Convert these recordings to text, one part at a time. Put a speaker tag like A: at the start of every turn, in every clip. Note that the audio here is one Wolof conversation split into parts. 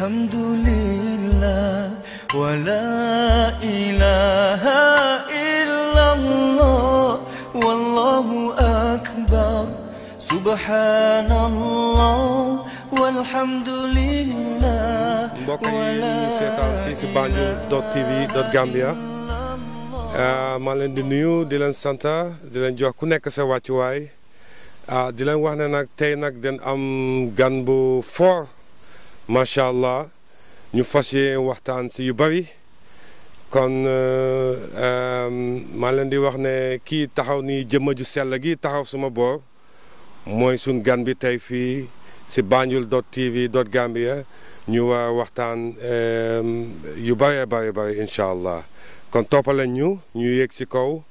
A: Alhamdulillah la ilaha illallah Wallahu akbar Subhanallah Walhamdulillah Mbokk seetaan fii di lain ah, di di leen jox ku ah, di dan am gan bu macha ñu fassiyé waxtaan ci yu bari kon euh, euh ma leen di wax né ki taxaw ni jëmma ju sell gi taxaw suma boor moy sun gan bi tay fi ci banjul dot tv dot gambia ñu wa waxtaan euh yu bari bari bari inshallah allah kon toppaleen ñu ñu yegg ci kaw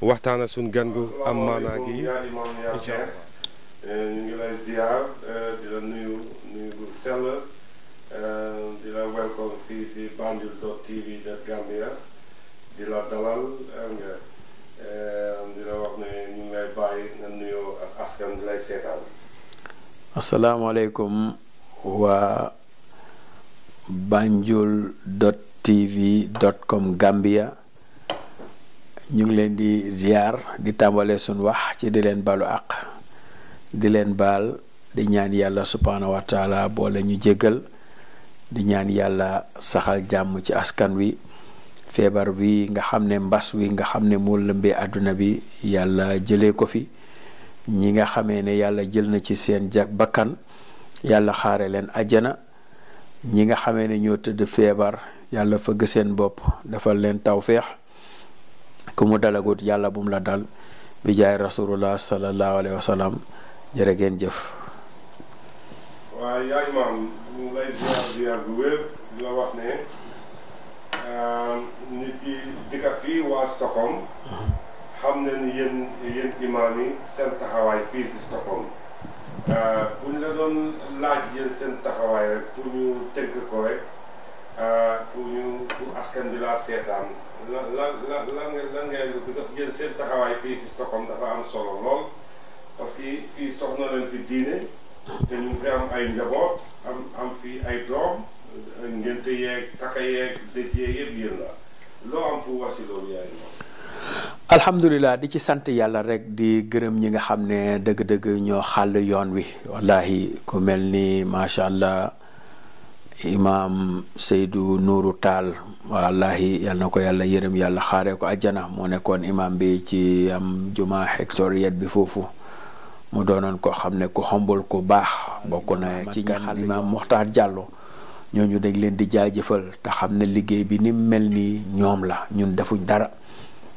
A: waxtaan sun gan gu am mana gi inshallah allah euh, ñu ngi lay ziar euh di la nuyu nuyu gu sell and ehm, di la welcome fizi si banjul tv de Gambia di la dalal ehm, nga ehm, di la wax ne ñu ngi lay bàyyi nga nuyoo ak askan di lay seetaan
B: asalaamaaleykum waa banjul tv com gambia ñu ngi leen di ziar di tàmbale sun wax ci di leen balu ak di leen bal di ñaan yalla subhanahu wa taala bo boole ñu jéggal di ñaan yàlla saxal jàmm ci askan wi feebar wi nga xam ne mbas wi nga xam ne moo lëmbee àdduna bi yàlla jëlee ko fi ñi nga xamee ne yàlla jël na ci seen jag bakkan yàlla xaare leen ajjana ñi nga xamee ne ñoo tëdd feebar yàlla fëgg seen bopp defal leen tawféex ku mu dalagut yàlla bu la dal bi jaay rasulullah sallallahu alayhi wa sallam jërë jëf.
A: ñu ngi lay ziar bu wér la wax ne nit euh, yi dikka fii waa Stockholm xam ne ni yéen yéen imaam yi seen taxawaay fii si Stockholm euh, bu ñu la doon laaj yéen seen taxawaay rek pour ñu tënk ko rek euh, pour ñu pour askan bi laa seetaan la la la lan ngay ngay parce que yéen seen taxawaay fii si Stockholm dafa am solo lool parce que fii soxna leen fi diine te ñu ngi am ay njaboot. am am fii ay doom ngénte yeeg takka yeeg dëj yeeg yëpp yéen loo am pour wax yaay moom
B: alhamdulilah di ci sant yàlla rek di gërëm ñi nga xam ne dëgg-dëgg ñoo xàll yoon wi wallahi ku mel ni macha allah imaam seydu Nourou Tall wallahi yal ko yàlla yërëm yàlla xaaree ko àjjana moo nekkoon imam bi ci am juma hectoriet bi foofu mu doonoon koo xam ne ku xombal ku baax bokk na ci nga xam imaam Moxtaar Jàllo ñooñu dañ leen di jaajëfal te xam ne liggéey bi ni mel nii ñoom la ñun defuñ dara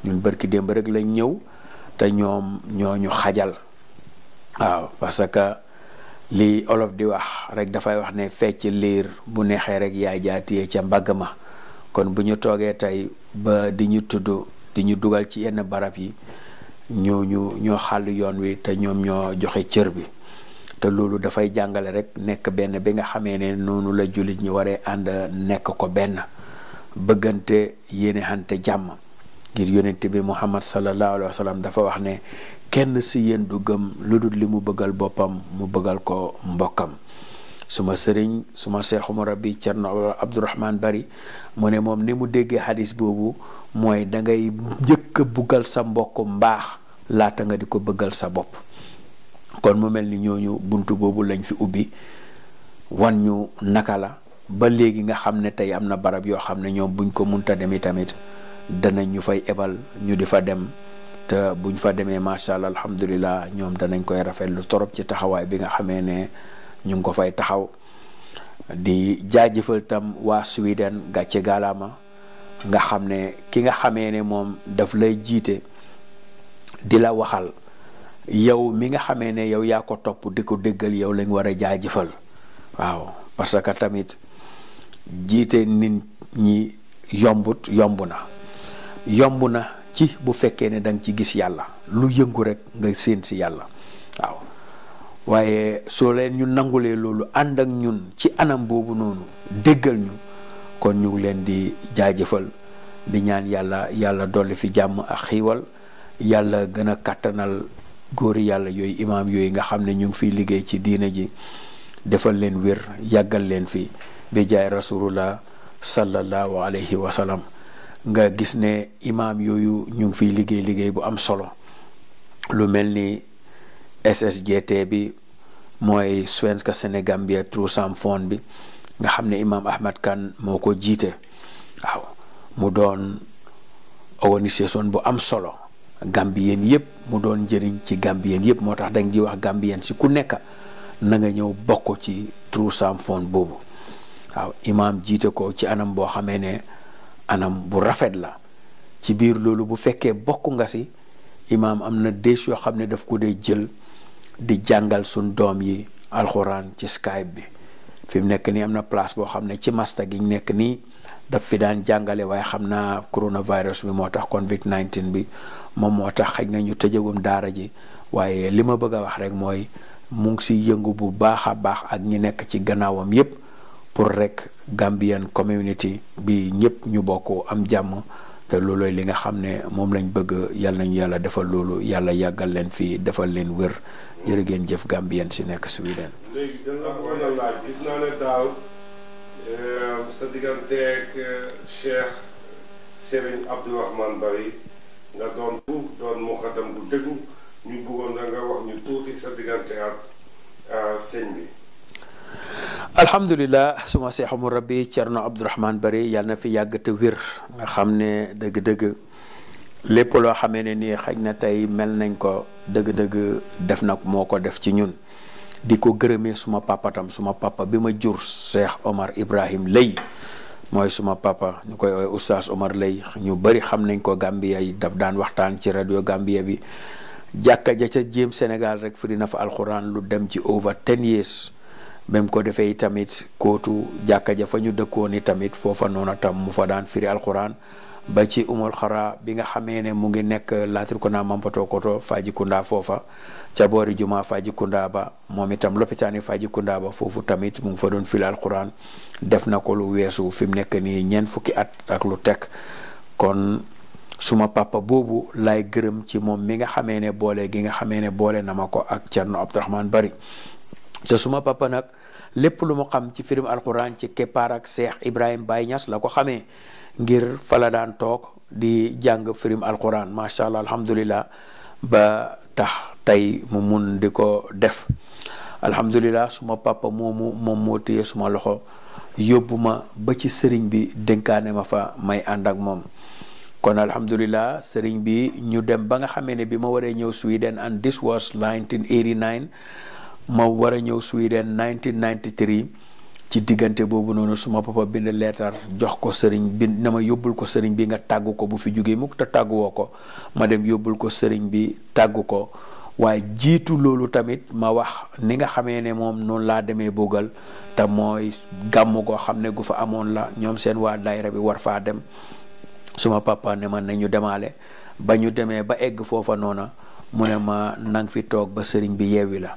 B: ñun bërki démb rekk lañ ñëw te ñoom ñu xajal waaw parce que lii olof di wax rek dafay wax ne fecc liir bu neexee rek yaay jaatiyee ca mbagg ma kon bu ñu toogee tey ba di ñu tudd di ñu dugal ci yenn barab yi ñoo ñu ñoo xàll yoon wi te ñoom ñoo joxe cër bi te loolu dafay jàngale rek nekk benn bi nga xamee ne noonu la jullit ñi waree ànd nekk ko benn bëggante yéene xante jàmm ngir yonent bi muhammad sallallahu alayhi wa sallam dafa wax ne kenn si yéen du gëm lu dul li mu bëggal boppam mu bëggal ko mbokkam suma serigne suma seexu murabbi cerno abdourahman bari mu mom ni mu déggé hadith bobu moy da ngay jëk buggal sa mbokk nga di bëggal sa bop kon mu melni buntu bobu lañ fi ubi wan ñu nakala ba légui nga xam tay amna barab yo xam ñoom buñ ko munta demi tamit danañ ñu fay ebal ñu di fa dem te buñ fa démé machallah alhamdullilah alhamdulilah ñoom danañ koy rafetlu torop ci taxaway bi nga xamé né ñu ngi ko fay taxaw di jaajëfal tam waa Sweden gàcce gaalama nga xam ne ki nga xamee ne moom daf lay jiite di la waxal yow mi nga xamee ne yow yaa ko topp di ko déggal yow lañ war a jaajëfal waaw parce que tamit jiite nit ñi yombut yomb na yomb na ci bu fekkee ne danga ci gis yàlla lu yëngu rek nga séen si yàlla waaw waaye soo leen ñu nangulee loolu ànd ak ñun ci anam boobu noonu déggal ñu kon ñu ngi leen di jaajëfal di ñaan yàlla yàlla dolli fi jàmm ak xiiwal yàlla gën a kàttanal góor yàlla yooyu imaam yooyu nga xam ne ñu ngi fiy liggéey ci diina ji defal leen wér yàggal leen fi bi jaay rasulullah sallallahu alayhi wa nga gis ne imaam yooyu ñu ngi fiy liggéey liggéey bu am solo lu mel ni SSJT bi mooy Svenska Senegambia True Sam Fond bi nga xam ne Imam Ahmad Kane moo ko jiite waaw mu doon organisation bu am solo Gambien yëpp mu doon njëriñ ci Gambien yëpp moo tax dañ di wax Gambien si ku nekk na nga ñëw bokk ci True Sam boobu waaw Imam jiite ko ci anam boo xamee ne anam bu rafet la ci biir loolu bu fekkee bokk nga si Imam am na des yoo xam ne daf ko dee jël. di jàngal suñ doom yi alxuraan ci skype bi fi mu nekk nii am na place boo xam ne ci masta gi ñu nekk nii daf fi daan jàngale waaye xam naa coronavirus bi moo tax covid 19 bi moom moo tax xëj nañu ñu tëjagum daara ji waaye li ma bëgg a wax rek mooy mu ngi si yëngu bu baax a baax ak ñi nekk ci gannaawam yépp pour rek Gambian community bi ñëpp ñu bokk am jàmm te looloy li nga xam ne moom lañ bëgg yàlla nañu yàlla defal loolu yàlla yàggal leen fii defal leen wér jërë ngeen jëf Gambien si nekk Sweden. léegi dañ
A: la ko mën laaj gis naa ne daaw euh, sa digganteeg euh, Cheikh Serigne Abdourahmane Bari nga doon bu doon muxadam bu dëggu ñu bëggoon nga wax ñu tuuti sa diggante ak euh, sëñ bi.
B: Alhamdulillah, suma seexamu rabbi cerno abdourahman bari ya na fi yàgg te nga xamne ne deug lepp lo xamene ni xajna tay mel nañ ko deug deug def nak moko def ci ñun diko gëreme suma papa tam suma papa bima jur Cheikh Omar Ibrahim Lay moy suma papa ñukoy oy oustaz Omar Lay ñu bari xam nañ ko Gambia yi daf daan waxtaan ci radio Gambia bi jakka ja ca jëm senegal rek firi na fa lu dem ci over ten years bem ko defee tamit kootu jàkka ja fa ñu dëkkoon i tamit foofa noonu tam mu fa daan firi alquran ba ci umul xaraa bi nga xamee ne mu ngi nekk Latrikunda Mampatookoto Fajikunda foofa ca boori juma Fajikunda ba moom itam lopitaan yi Fajikunda ba foofu tamit mu ngi fa doon firi alquran def na ko lu weesu fi mu nekk nii ñeent fukki at ak lu teg kon suma papa boobu lay gërëm ci moom mi nga xamee ne boole gi nga xamee ne boole na ma ko ak Cerno Abdourahmane Bari te suma papa nag lépp lu mu xam ci firim alxuraan ci keppaar ak Seex Ibrahim Baye Niass la ko xamee ngir fala daan toog di jàng firim alxuraan macha allah alhamdulilah ba tax tey mu mun di ko def alhamdulilah suma papa moomu moom moo téye suma loxo yóbbu ma ba ci sëriñ bi dénkaane ma fa may ànd ak moom kon alhamdulilah sëriñ bi ñu dem ba nga xamee ne bi ma waree ñëw Sweden and this was ma war a ñëw Sweden 1993 ci diggante boobu noonu suma papa bind leetar jox ko sëriñ bi na ma yóbbul ko sëriñ bi nga tàggu ko bu fi jógee mukk te tàgguwoo ko ma dem yóbbul ko sëriñ bi tàggu ko waaye jiitu loolu tamit ma wax ni nga xamee ne moom noonu laa demee boogal te mooy gàmm goo xam ne gu fa amoon la ñoom seen waa daayira bi war faa dem suma papa ne ma nañu demaale ba ñu demee ba egg foofa noona mu ne ma nang fi toog ba sëriñ bi yeewi la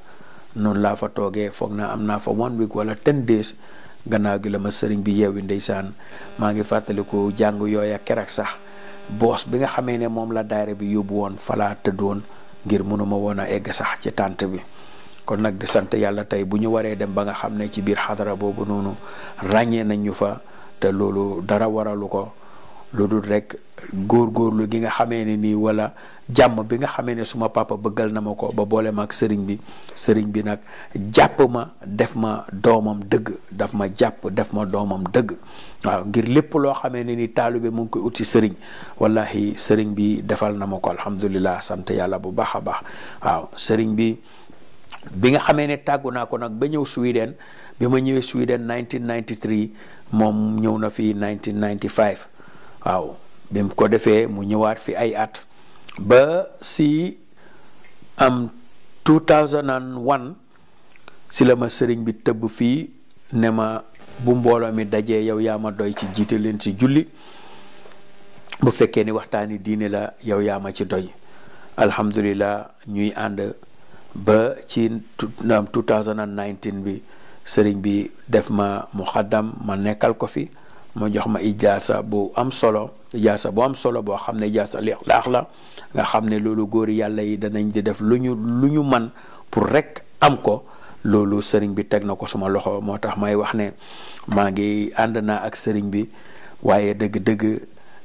B: noonu laa fa toogee foog naa am naa fa one week wala ten days gannaaw gi la ma sëriñ bi yeewi ndeysaan maa ngi fàttaliku jàng yooya keroog sax boos bi nga xamee ne moom la daayira bi yóbbu woon falaa tëddoon ngir munuma woon a egg sax ci tànt bi kon nag di sant yàlla tey bu ñu waree dem ba nga xam ne ci biir xadara boobu noonu ràññee nañ ñu fa te loolu dara waralu ko lu dul góor góorlu gi nga xamee ne nii walla jàmm bi nga xame ne suma papa bëggal na ma ko ba boole ma ak sëriñ bi sëriñ bi nag jàpp ma def ma doomam dëgg daf ma jàpp def ma doomam dëgg waaw ngir lépp loo xamee ne nii taalibe mu ngi koy ut sëriñ wallahi sëriñ bi defal na ma ko alhamdulilah sant yàlla bu baax a baax waaw sëriñ bi bi nga xamee ne tàggu naa ko nag ba ñëw Sweden bi ma ñëwee Sweden 1993 moom ñëw na fi 1995. waaw bi mu ko defee mu ñëwaat fi ay at ba si am 2001 si la ma sëriñ bi tëb fii ne ma bu mbooloo mi dajee yow yaa ma doy ci jiite leen ci julli bu fekkee ni waxtaani diine la yow yaa ma ci doy alhamdulilah ñuy ànd ba ci 2019 bi sëriñ bi def ma mu xaddam ma nekkal ko fi mo jox ma ijaasa bu am solo ijaasa bu am solo bo xamne ne ijaasa li laax la nga xamne ne goor yalla yi danañ di def luñu luñu man pour rek am ko lolu serigne bi tek nako ko suma loxo motax may wax ne ma ngi andana ak serigne bi waye deug deug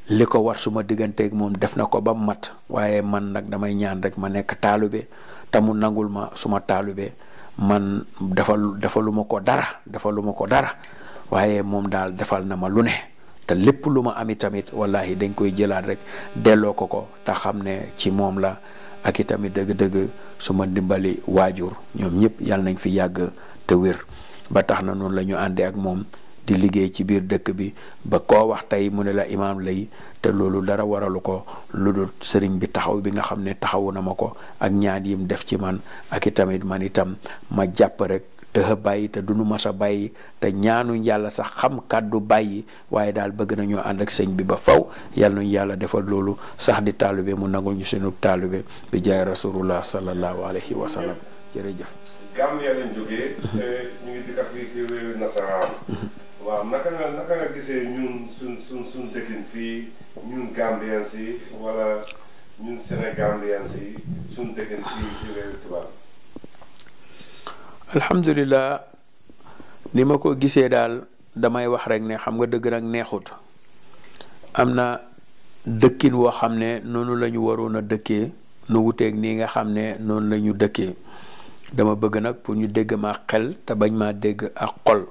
B: liko war suma ak mom def nako ko ba mat waye man nak damay ñaan rek ma nek taalube te nangul ma suma taalube man dafa dafa lu ko dara dafa lu ko dara waaye moom daal defal na ma lu ne te lépp lu ma am itamit wallahi dañ koy jëlaat rek delloo ko ko te xam ne ci moom la ak itamit dëgg-dëgg su ma ndimbali waajur ñoom ñëpp yal nañ fi yàgg te wér ba tax na noonu la ñu àndee ak moom di liggéey ci biir dëkk bi ba koo wax tey mu ne la imaam lay te loolu dara waralu ko lu dul sëriñ bi taxaw bi nga xam ne taxawu na ma ko ak ñaan yim def ci man ak itamit man itam ma jàpp rek dëxa bàyyi te duñu mas a bàyyi te ñaanuñ yàlla sax xam kàddu bàyyi waaye daal bëgg nañoo ànd ak sëñ bi ba faw yàlla ñu yàlla defal loolu sax di taalibe mu nangul ñu suñu taalibe bi jaay rasulullah sallallahu alayhi wa si réewu
A: nasaraan. waaw suñ dëkkin fii si réewu tubaab.
B: alhamdulilah ni ma ko gisee daal damay wax rek ne xam nga dëgg nag neexut am na dëkkin woo xam ne noonu la ñu waroon a dëkkee nu wuteeg nii nga xam ne noonu lañu dëkkee dama bëgg nag pour ñu dégg ma xel te bañ ma dégg ak xol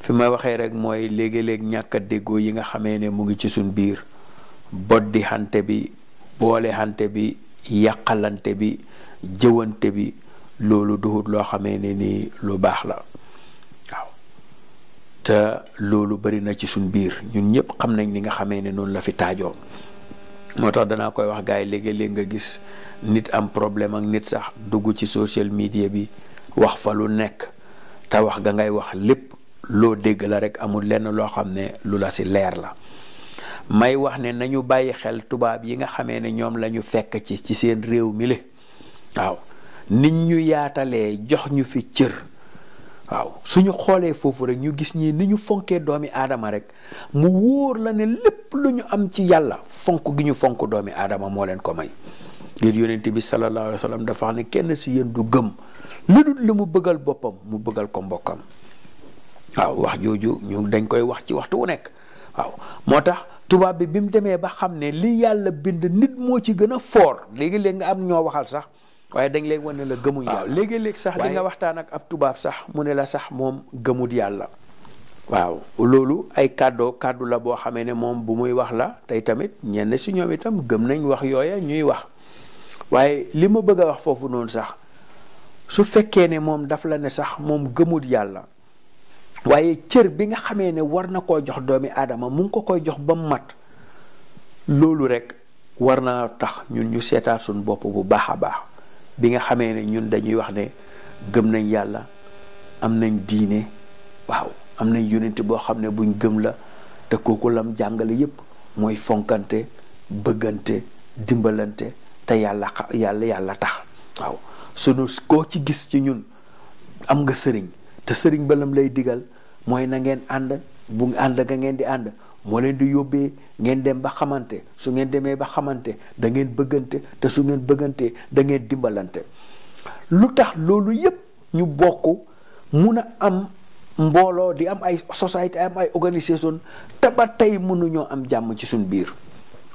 B: fi ma waxee rek mooy léegi-léeg ñàkk a déggoo yi nga xamee ne mu ngi ci suñ biir boddi xante bi boole xante bi yàqalante bi jëwante bi loolu duhut loo xamee ne ni lu baax la waaw te loolu bari na ci suñ biir ñun ñëpp xam nañ ni nga xamee ne noonu la fi taajoo moo tax danaa koy wax gars yi léegi-léeg nga gis nit am problème ak nit sax dugg ci social media bi wax fa lu nekk te wax ga ngay wax lépp loo dégg la rek amul lenn loo xam ne lu la si leer la may wax ne nañu bàyyi xel tubaab yi nga xamee ne ñoom lañu fekk ci ci seen réew mi le waaw nit ñu yaatalee jox ñu fi cër waaw suñu xoolee foofu rek ñu gis ñi ni ñu fonkee doomi aadama rek mu wóor la ne lépp lu ñu am ci yàlla fonk gi ñu fonk doomi aadama moo leen ko may ngir yonent bi sallallahu alayhi wa sallam dafa xam ne kenn si yéen du gëm lu dul li mu bëggal boppam mu bëggal ko mbokkam waaw wax jooju ñu dañ koy wax ci waxtu wu nekk waaw moo tax tubaab bi bi mu demee ba xam ne li yàlla bind nit moo ci gën a foor léegi-léegi nga am ñoo waxal sax waye dañ lay wone la gëmu yalla légui lég sax li nga waxtaan ak ab tubab sax mu ne la sax gëmu di yalla waaw lolu ay cadeau cadeau la bo xamé ne mom bu muy wax la tay tamit ñen si ñoom itam gëm nañ wax yoyé ñuy wax waye lima bëgg wax fofu non sax su fekké ne mom daf la ne sax gëmu di yalla waye cër bi nga xamé né war na ko jox doomi aadama mu ko koy jox ba mat lolu rek warna tax ñun ñu seetaat suñ bop bu baaxa baax bi nga xamee ne ñun dañuy wax ne gëm nañ yàlla am nañ diine waaw am nañ unité boo xam ne buñ gëm la te kooku lam jàngale yépp mooy fonkante bëggante dimbalante te yàlla yàlla yàlla tax waaw sunu koo ci gis ci ñun am nga sëriñ te sëriñ ba lam lay digal mooy na ngeen ànd bu ànd nga ngeen di ànd moo leen di yóbbee ngeen dem ba xamante su ngeen demee ba xamante dangeen bëggante te su ngeen bëggante dangeen dimbalante lu tax loolu yépp ñu bokk mun a am mbooloo di am ay société am ay organisation te ba tey mënuñoo am jàmm ci suñ biir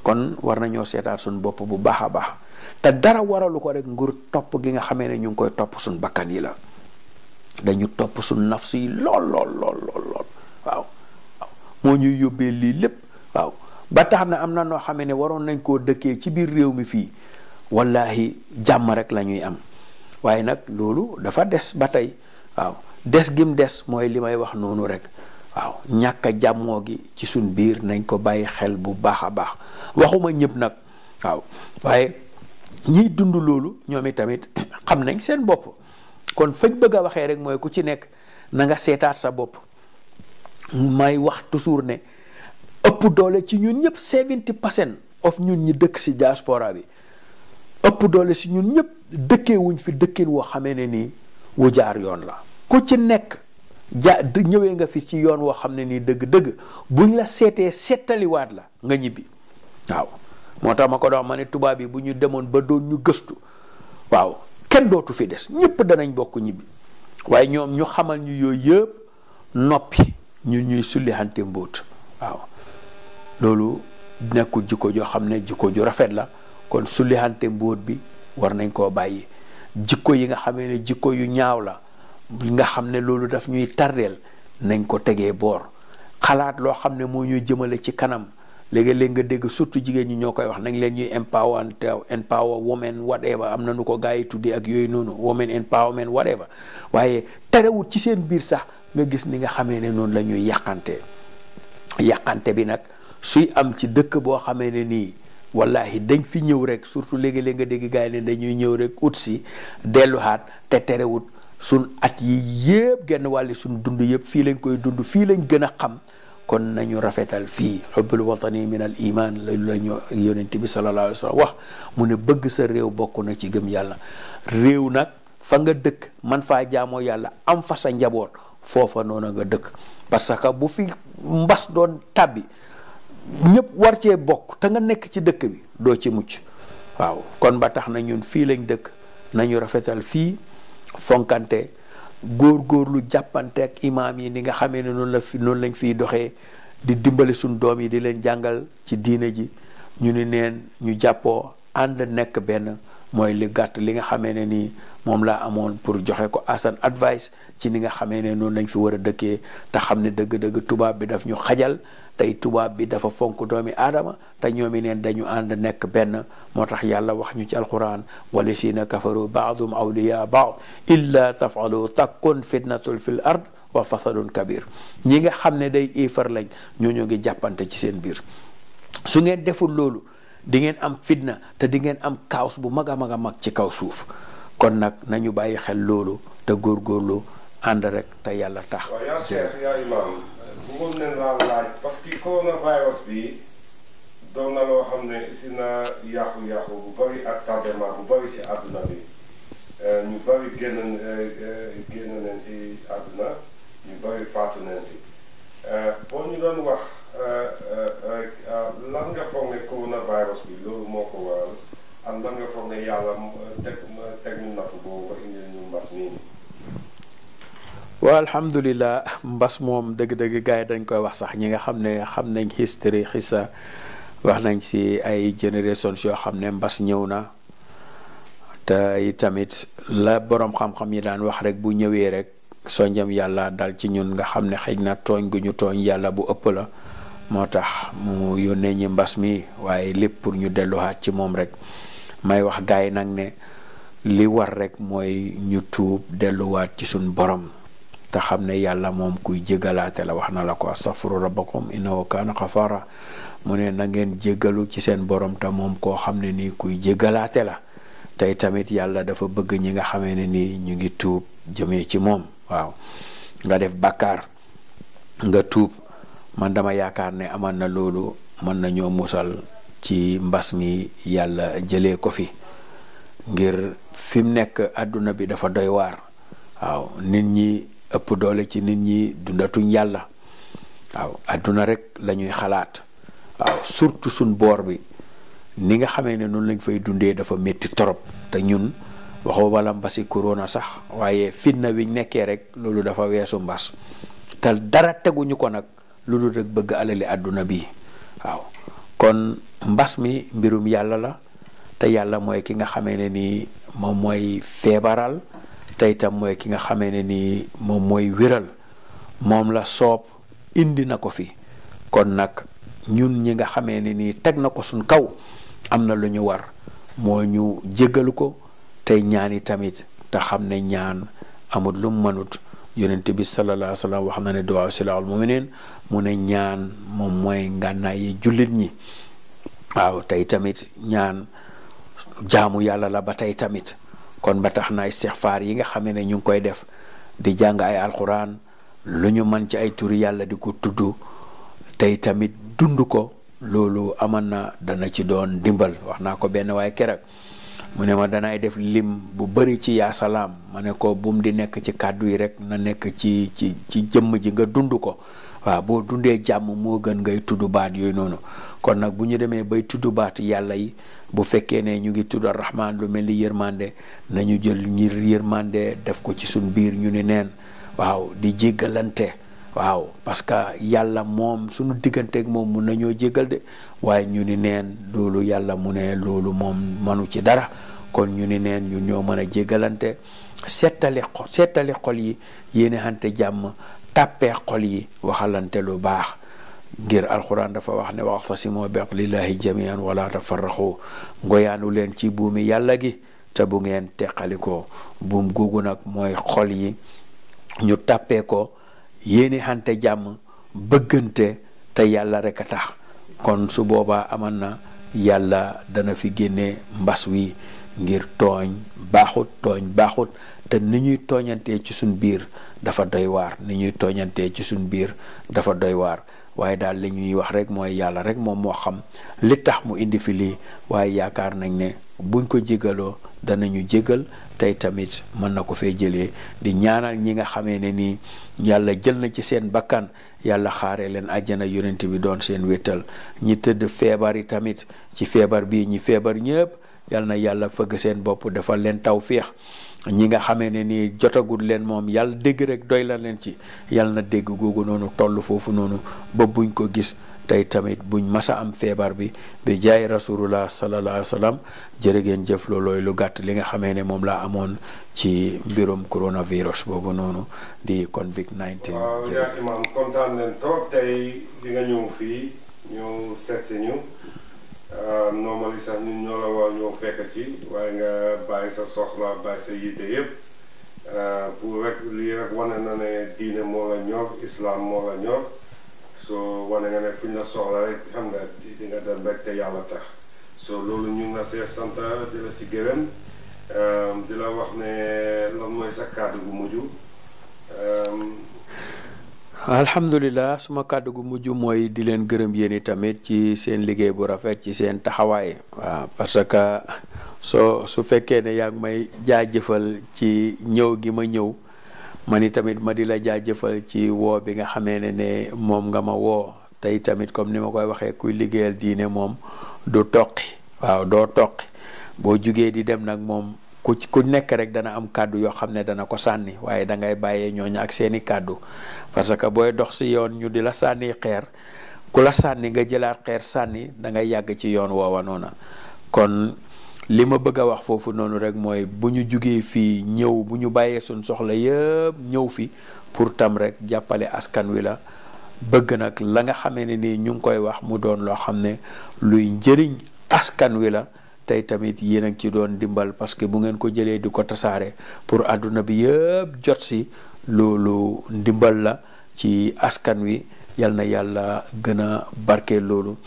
B: kon war nañoo seetaat suñ bopp bu baax a baax te dara waralu ko rek nguur topp gi nga xamee ne ñu ngi koy topp suñ bakkan yi la dañu topp suñ nafs yi lool lool lool lool lool waaw waaw moo ñuy yóbbee lii lépp waaw ba tax na am na noo xamee ne waroon nañ koo dëkkee ci biir réew mi fii wallahi jàmm rek lañuy am waaye nag loolu dafa des ba tey waaw des gim des mooy li may wax noonu rek waaw ñàkk a jàmmoo gi ci suñ biir nañ ko bàyyi xel bu baax a baax waxuma ñépp nag waaw waaye ñuy dund loolu ñoom itamit xam nañ seen bopp kon fañ bëgg a waxee rek mooy ku ci nekk na nga seetaat sa bopp may wax toujours ne ëpp doole ci ñun ñëpp seventy percent of ñun ñi dëkk si diaspora bi ëpp doole si ñun ñëpp dëkkee wuñ fi dëkkin woo xamee ne nii wu jaar yoon la ku ci nekk ja ñëwee nga fi ci yoon woo xam ne nii dëgg-dëgg buñ la seetee settaliwaat la nga ñibbi waaw moo tax ma ko doon ma ne tubaab yi bu ñu demoon ba doon ñu gëstu waaw kenn dootu fi des ñëpp danañ bokk ñibbi waaye ñoom ñu xamal ñu yooyu yëpp noppi ñu ñuy sullihante mbóot waaw loolu nekkul jikko joo xam ne jikko ju rafet la kon sullihante mbóot bi war nañ koo bàyyi jikko yi nga xamee ne jikko yu ñaaw la nga xam ne loolu daf ñuy tardeel nañ ko tegee boor xalaat loo xam ne moo ñuy jëmale ci kanam léegi-léeg nga dégg surtout jigéen ñi ñoo koy wax nañ leen ñuy empower empower women whatever am na nu ko gars yi tuddee ak yooyu noonu women empowerment whatever waaye terewut ci seen biir sax nga gis ni nga xamee ne noonu la ñuy yàqante yàqante bi nag suy am ci dëkk boo xamee ne nii wallahi dañ fi ñëw rek surtout léegi-léeg nga dégg gars yi ne dañuy ñëw rek ut si delluwaat te terewut suñ at yi yëpp genn wàlli suñ dund yëpp fii lañ koy dund fii lañ gën a xam kon nañu rafetal fii xubbul watani min al iman lalu la ñu yonent bi sallallahu alayhi wa wax mu ne bëgg sa réew bokk na ci gëm yàlla réew nag fa nga dëkk man faa jaamoo yàlla am fa sa njaboot foofa noonu nga dëkk parce que bu fi mbas doon tàbbi ñëpp war cee bokk te nga nekk ci dëkk bi doo ci mucc waaw kon ba tax na ñun fii lañ dëkk nañu rafetal fii fonkante góor-góorlu jàppante ak imam yi ni nga xamee ne noonu la fi noonu lañ fiy doxee di dimbali suñ doom yi di leen jàngal ci diine ji ñu ni neen ñu jàppoo ànd nekk benn mooy li gàtt li nga xamee ne nii moom laa amoon pour joxe ko asan advice ci ni nga xamee ne noonu lañ fi war a dëkkee te xam ne dëgg-dëgg tubaab bi daf ñu xajal tey tubaab bi dafa fonk doomi aadama te ñoomi neen dañu ànd nekk benn moo tax yàlla wax ñu ci alxuraan alquran walisina kafaru baadum awliya baad illa tafalu takkoon fitnatul fil ard wa fasadun kabiir ñi nga xam ne day iifar lañ ñooñu ngi jàppante ci seen biir su ngeen deful loolu di ngeen am fitna te di ngeen am kaos bu mag a mag a mag ci kaw suuf kon nag nañu bàyyi xel loolu te góor góorgóorlu ànd rek te yàlla tax.
A: moom leen laa laaj parce que coronavirus bi doon na loo xam ne si na yàqu-yàqu bu bëri ak tardement bu bëri ci àdduna bi euh, ñu bëri génn euh, euh, génn nañ si àdduna ñu bëri faatu nañ si boo ñu doon wax lan nga foog coronavirus bi loolu moo ko waral ak lan nga foog ne yàlla teg teg ñu natt boobu ba ñu mbas mii
B: waaw alhamdulilah mbas moom dëgg-dëgg gars yi dañ koy wax sax ñi nga xam ne xam nañ history xisa wax nañ si ay génération yoo xam ne mbas ñëw na te tamit la borom xam-xam yi daan wax rek bu ñëwee rek soo njëm yàlla dal ci ñun nga xam ne xëy na tooñ gu ñu tooñ yàlla bu ëpp la moo tax mu yónnee ñi mbas mi waaye lépp pour ñu delluwaat ci moom rek may wax gars yi nag ne li war rek mooy ñu tuub delluwaat ci suñ borom te xam ne yàlla moom kuy jégalaate la wax na la ko astaghfiru rabbakum innahu kaana ghafaara mu ne na ngeen jégalu ci seen borom te moom koo xam ne nii kuy jégalaate la tey tamit yàlla dafa bëgg ñi nga xamee ne nii ñu ngi tuub jëmee ci moom waaw nga def bàkkaar nga tuub man dama yaakaar ne aman na loolu mën nañoo musal ci mbas mi yàlla jëlee ko fi ngir fi mu nekk àdduna bi dafa doy waar waaw nit ñi ëpp doole ci nit ñi dundatuñ yàlla waaw àdduna rek lañuy xalaat waaw surtout suñ boor bi ni nga xamee ne noonu lañ fay dundee dafa métti torop te ñun waxoo wala mbasi corona sax waaye fitna wiñ nekkee rek loolu dafa weesu mbas te dara teguñu ko nag lu dul rek bëgg alali àdduna bi waaw kon mbas mi mbirum yàlla la te yàlla mooy ki nga xamee ne ni moom mooy feebaral tey tam mooy ki nga xamee ne nii moom mooy wéral moom la soob indi na ko fi kon nag ñun ñi nga xamee ne nii teg na ko suñ kaw am na lu ñu war moo ñu jéggalu ko tey ñaani tamit te xam ne ñaan amut lu mu mënut yonent bi sallallahu alayhi wa na ne duwaa silaahul muminin mu moom mooy ngànnaay yi ñi waaw tamit ñaan jaamu yàlla la ba tey tamit kon ba tax na istixfaar yi nga xamee ne ñu ngi koy def di jàng ay alxuraan lu ñu mën ci ay turi yàlla di ko tudd tey tamit dund ko loolu aman na dana ci doon dimbal wax naa ko benn waaye keroog mu ne ma danay def lim bu bari ci yaa salaam ma ne ko buum di nekk ci kàddu yi rek na nekk ci ci ci jëmm ji nga dund ko waa boo dundee jàmm moo gën ngay tudd baat yooyu noonu kon nag bu ñu demee bay tudd baatu yàlla yi bu fekkee ne ñu ngi tudd rahmaan lu mel ni yërmande nañu jël ñi yërmande def ko ci suñ biir ñu ni neen waaw di jéggalante waaw parce que yàlla moom suñu digganteeg moom mun nañoo jéggal de waaye ñu ni neen loolu yàlla mu ne loolu moom manu ci dara kon ñu ni neen ñu ñoo mën a jéggalante settali xol settali xol yi yéene xante jàmm tàppee xol yi waxalante lu baax ngir alxuraan dafa wax ne wax fa si fasimoo bi hablillahi jamian wala tafarraxu ngoyaanu leen ci buumi yàlla gi te bu ngeen teqalikoo buum googu nag mooy xol yi ñu tàppee ko yéeni xante jàmm bëggante te yàlla rek a tax kon su boobaa aman na yàlla dana fi génne mbas wi ngir tooñ baaxut tooñ baaxut te ni ñuy tooñantee ci suñ biir dafa doy waar ni ñuy tooñantee ci suñ biir dafa doy waar waaye daal li ñuy wax rek mooy yàlla rek moom moo xam li tax mu indi fi lii waaye yaakaar nañ ne buñ ko jégaloo danañu jégal tey tamit mën na ko fee jëlee di ñaanal ñi nga xamee ne nii yàlla jël na ci seen bakkan yàlla xaare leen àjjana yonent bi doon seen wéttal ñi tëdd feebar yi tamit ci feebar bii ñi feebar ñëpp yal na yàlla fëgg seen bopp defal leen taw féex ñi nga xamee ne ni jotagul leen moom yàlla dégg rek doy la leen ci yal na dégg googu noonu toll foofu noonu ba buñ ko gis tey tamit buñ masa am feebar bi bi jaay rasulullah sallallahu alayhi wa sallam jërë ngeen jëf loolooy lu gàtt li nga xamee ne moom laa amoon ci mbirum coronavirus boobu noonu di Covid 19.
A: waaw yaa imaam kontaan nañ trop tey di nga ñëw fii ñu seet ñu. Euh, normali sax ñun ñoo la war ñoo fekk ci waaye nga bàyyi sa soxla bàyyi sa yitte yépp euh, pour rek lii rek wane na ne diine moo la ñor islam moo la ñor soo wane nga ne fu ñu la soxla rek xam nga di nga dem rek te yàlla tax soo loolu ñu ngi see sant di la ci gërëm euh, di la wax ne lan mooy sa kàddu bu mujj
B: alhamdulilah suma kàddu gu mujj mooy di leen gërëm yéen i tamit ci seen liggéey bu rafet ci seen taxawaay. waaw parce que soo su fekkee ne yaa ngi may jaajëfal ci ñëw gi ma ñëw ma ni tamit ma di la jaajëfal ci woo bi nga xamee ne ne moom nga ma woo tey tamit comme ni ma koy waxee kuy liggéeyal diine moom du toqi waaw doo toqi boo jugee di dem nag moom. ku ci ku nek rek dana am kaddu yo xamne dana ko sanni waye da ngay baye ñoñ ak seeni kaddu parce que boy dox ci yoon ñu di la sanni xeer ku la sanni nga jëlaat xeer sanni da ngay yag ci yoon wowa nona kon lima bëgg wax fofu nonu rek moy buñu juggé fi ñew buñu baye sun soxla yeb ñew fi pour tam rek jappalé askan wi la bëgg nak la nga xamé ni ñu ngi koy wax mu doon lo xamné luy njëriñ askan wi la tey tamit yéen a ci doon dimbal parce que bu ngeen ko jëlee di ko tasaare pour àdduna bi yëpp jot si loolu ndimbal la ci askan wi yal na yàlla gën a barkee loolu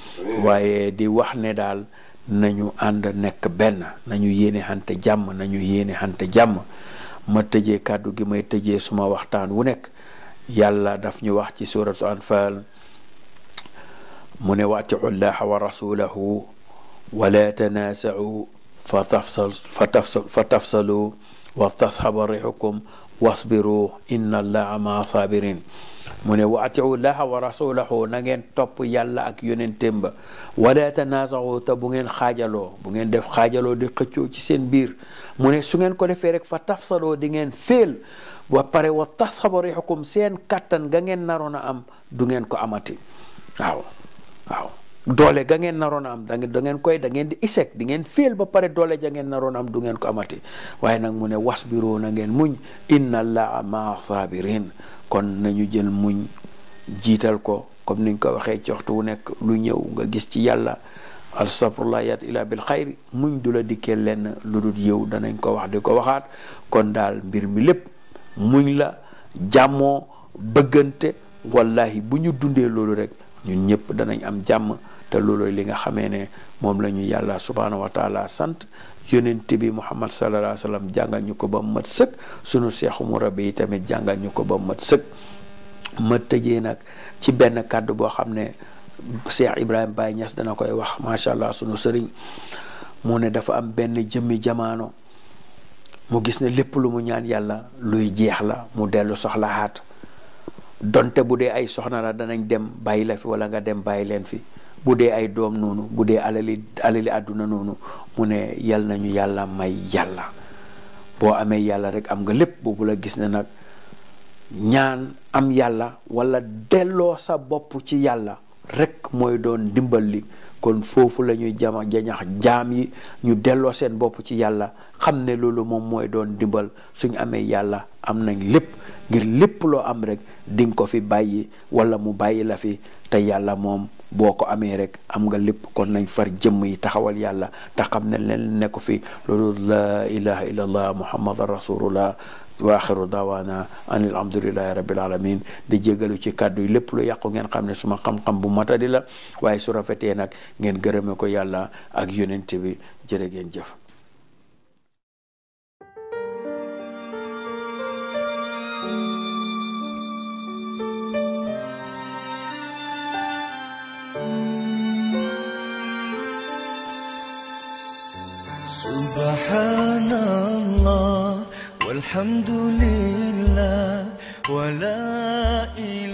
B: waaye di wax ne daal nañu ànd nekk benn nañu yéene xante jàmm nañu yéene xante jàmm ma tëjee kàddu gi may tëjee suma waxtaan wu nekk yàlla daf ñu wax ci suratu anfal mu ne waatiullaha wa rasulahu ولا تناسعوا فتفصل فتفصل فتفصلوا وتصحب ريحكم واصبروا ان الله مع صابرين من واتعوا الله ورسوله نغن توب يالا اك يونتيم ولا تنازعوا تبغين خاجلو بغين ديف خاجلو دي خيو سي سين بير من سوغن كو ديفي رك فتفصلوا دي نغن فيل و باري وتصحب ريحكم سين كاتان غنغن نارونا ام دوغن كو اماتي واو واو doole ga ngeen naroon am da ngeen koy da ngeen di isek dingeen ngeen ba pare doole jangeen ngeen naroon am du ngeen ko amati waaye nag mu ne wasbiroo na ngeen muñ inna laa maa sabirin kon nañu jël muñ jiital ko comme niñ ko waxee ci waxtu wu nekk lu ñëw nga gis ci yàlla alsabrula yat ila bil xayri muñ du la dikkee lenn lu dul yow danañ ko wax di ko waxaat kon daal mbir mi lépp muñ la jàmmoo bëggante wallahi bu ñu dundee loolu rek ñun ñëpp danañ am jàmm te loolooy li nga xamee ne moom la ñu yàlla subhaanahu wa taala sant yonent bi muhammad sallallahu alayhi jàngal ñu ko ba mat sëkk sunu seexu mu rabbi yi tamit jàngal ñu ko ba mat sëkk ma tëjee nag ci benn kàddu boo xam ne Cheikh ibrahim Baye Niass dana koy wax macha allah sunu sëriñ moo ne dafa am benn jëmmi jamaano mu gis ne lépp lu mu ñaan yàlla luy jeex la mu dellu soxlaxaat donte bu dee ay soxna la danañ dem bàyyi la fi wala nga dem bàyyi leen fi bu dee ay doom noonu bu dee alali alali àdduna noonu mu ne yal nañu yàlla may yàlla boo amee yàlla rek am nga lépp boobu la gis ne nag ñaan am yàlla wala delloo sa bopp ci yàlla rek mooy doon dimbal li kon foofu la ñuy jama jañax jaam yi ñu delloo seen bopp ci yàlla xam ne loolu moom mooy doon su ñu amee yàlla am nañ lépp ngir lépp loo am rek ding ko fi bàyyi wala mu bàyyi la fi te yàlla moom boo ko amee rek am nga lépp kon nañ far jëmm yi taxawal yàlla te xam ne leen nekku fi loolu laa ilaha illa allah muhammadan rasulullah wa axiru daawaana an alhamdulilahi rabil alamin di jégalu ci kàddu yi lépp lu yàqu ngeen xam ne suma xam-xam bu matadi la waaye su rafetee nag ngeen gërëme ko yàlla ak yonente bi jërë ngeen jëf
A: سبحان الله والحمد لله ولا إله